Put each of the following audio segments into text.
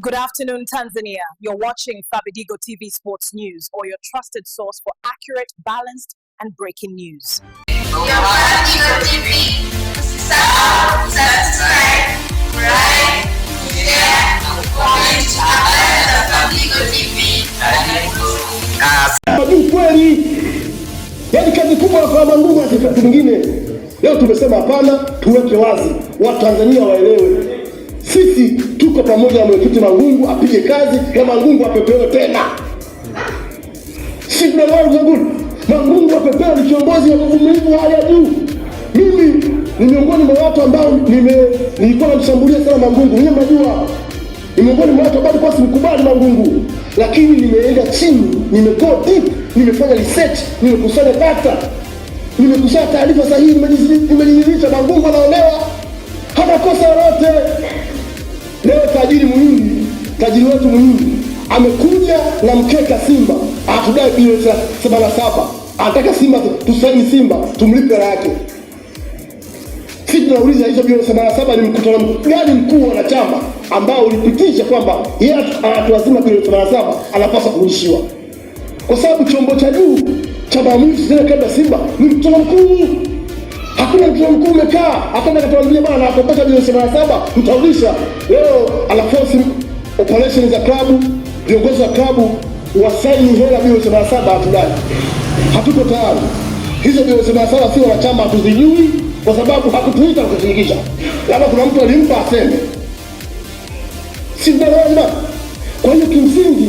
Good afternoon, Tanzania. You're watching Fabidigo TV Sports News or your trusted source for accurate, balanced, and breaking news. Ukweli kazi kubwa kwa Mungu akikati mwingine. Leo tumesema hapana, tuweke wazi, Watanzania waelewe sisi tuko pamoja na mwenyekiti Mangungu apige kazi na Mangungu apepewe tena, si tunaelewana? Mangungu apepewe, ni kiongozi wa uvumilivu hali ya juu. Mimi ni miongoni mwa watu ambao nilikuwa namshambulia sana Mangungu, ninyi mnajua ni miongoni mwa watu ambao nilikuwa simkubali Mangungu, lakini nimeenda chini, nimeko deep, nimefanya research, nimekusanya data, nimekusanya taarifa sahihi, nimejiridhisha Mangungu anaolewa, hana kosa lolote. Leo tajiri Mhindi, tajiri wetu Mhindi amekuja na mkeka Simba atudai bilioni sabini na saba anataka Simba tusaini Simba tumlipe hela yake. Sisi tunauliza hizo bilioni sabini na saba ni mkutano gani mkuu wa chama ambao ulipitisha kwamba yeye anatuazima bilioni sabini na saba anapaswa kurudishiwa, kwa sababu chombo cha juu cha maamuzi tena kabla Simba ni mkutano mkuu hakuna mtu mkuu umekaa, akaenda katuambia bana, akopesha bilioni sabini na saba mtarudisha. Leo anafosi operation za klabu, viongozi wa klabu wasaini hela bilioni sabini na saba hatudai, hatuko tayari. Hizo bilioni sabini na saba si wanachama hatuzijui, kwa sababu hakutuita kutushirikisha. Labda kuna mtu alimpa aseme, si lazima. Kwa hiyo kimsingi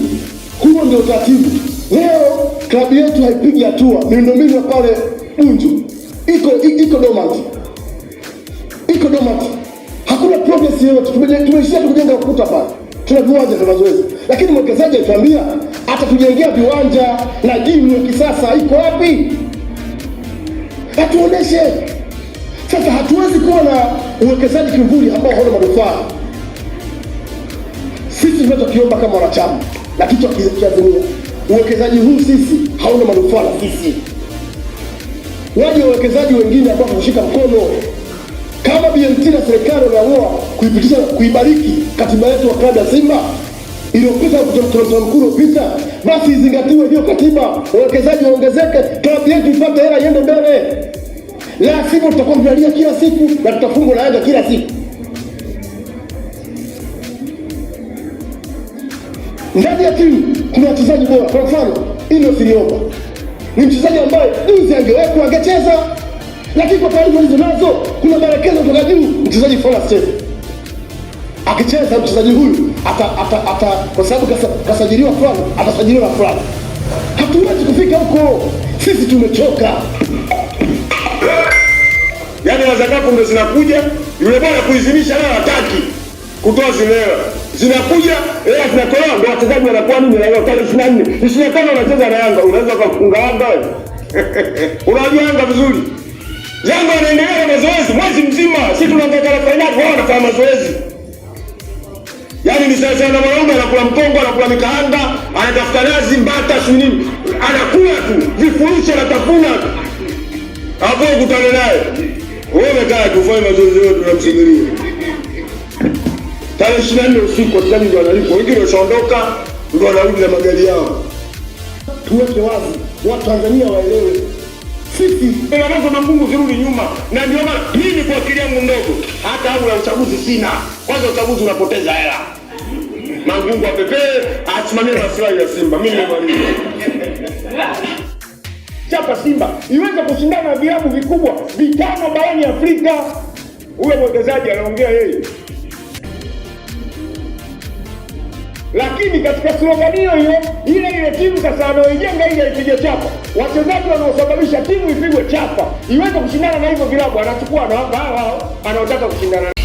huo ndio utaratibu. Leo klabu yetu haipigi hatua, miundombinu ya pale Bunju iko dormant, iko dormant, hakuna progress yoyote. Tumeishia tukujenga ukuta pale, tuna viwanja vya mazoezi, lakini mwekezaji alituambia atatujengea viwanja na jimu ya kisasa. Iko wapi? Hatuoneshe. Sasa hatuwezi kuwa na uwekezaji kimvuli ambao hauna manufaa. Sisi tunachokiomba kama wanachama na kichwa kiazimia, uwekezaji huu sisi hauna manufaa na sisi waje wawekezaji wengine ambao kushika mkono kama BMT na serikali wameamua kuipitisha kuibariki katiba yetu ya klabu ya Simba iliyopita kutoka mkuu uliopita, basi izingatiwe hiyo katiba, wawekezaji waongezeke, klabu yetu ipate hela iende mbele, la sivyo tutakuwa tunalia kila siku na tutafungwa na Yanga kila siku. Ndani ya timu kuna wachezaji bora, kwa mfano siliomba ni mchezaji ambaye juzi angewekwa angecheza, lakini kwa taarifa hizo nazo kuna maelekezo kutoka juu, mchezaji fulani Akicheza mchezaji huyu ata, ata, ata kwa sababu kasajiliwa fulani atasajiliwa na fulani. Hatuwezi kufika huko, sisi tumechoka. Yaani, lazakapu ndo zinakuja yule bwana kuizimisha, leo hataki kutoa zimewa zinakuja hela eh, zinatolewa, ndio wachezaji wanakuwa nini, na tarehe 24 25 wanacheza na Yanga, unaweza kufunga Yanga wewe? Unajua Yanga vizuri, Yanga wanaendelea na mazoezi mwezi mzima, sisi tunaangalia fainali, wao wanafanya mazoezi. Yaani ni sasa na mwanaume anakula mkongo, anakula mikahanga, anatafuta nazi mbata, si nini, anakula tu vifurushi, anatafuna hapo, ukutane naye wewe, umekaa tufanye mazoezi, wewe tunamsubiria Tarehe ishirini na nne usiku wachezaji ndio wanalipwa, wengine washaondoka, ndio wanarudi na magari yao. Tuweke wazi, Tanzania waelewe sisi tunaweza na Mungu zirudi nyuma, na ndio maana hii ni kwa akili yangu ndogo. Hata au la uchaguzi sina, kwanza uchaguzi unapoteza hela. Mangungu apepee asimamie maslahi ya Simba, mimi ni mwalimu chapa Simba iweze kushindana na vilabu vikubwa vitano barani Afrika. Huyo mwekezaji anaongea yeye. lakini katika slogan hiyo hiyo ile ile timu sasa anaoijenga ile ipige chapa, wachezaji wanaosababisha timu ipigwe chapa iweze kushindana na hivyo vilabu, anachukua anawapa hao hao anaotaka kushindana